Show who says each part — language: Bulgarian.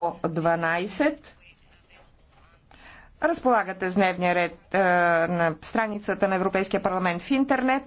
Speaker 1: 12. Разполагате с дневния ред е, на страницата на Европейския парламент в интернет.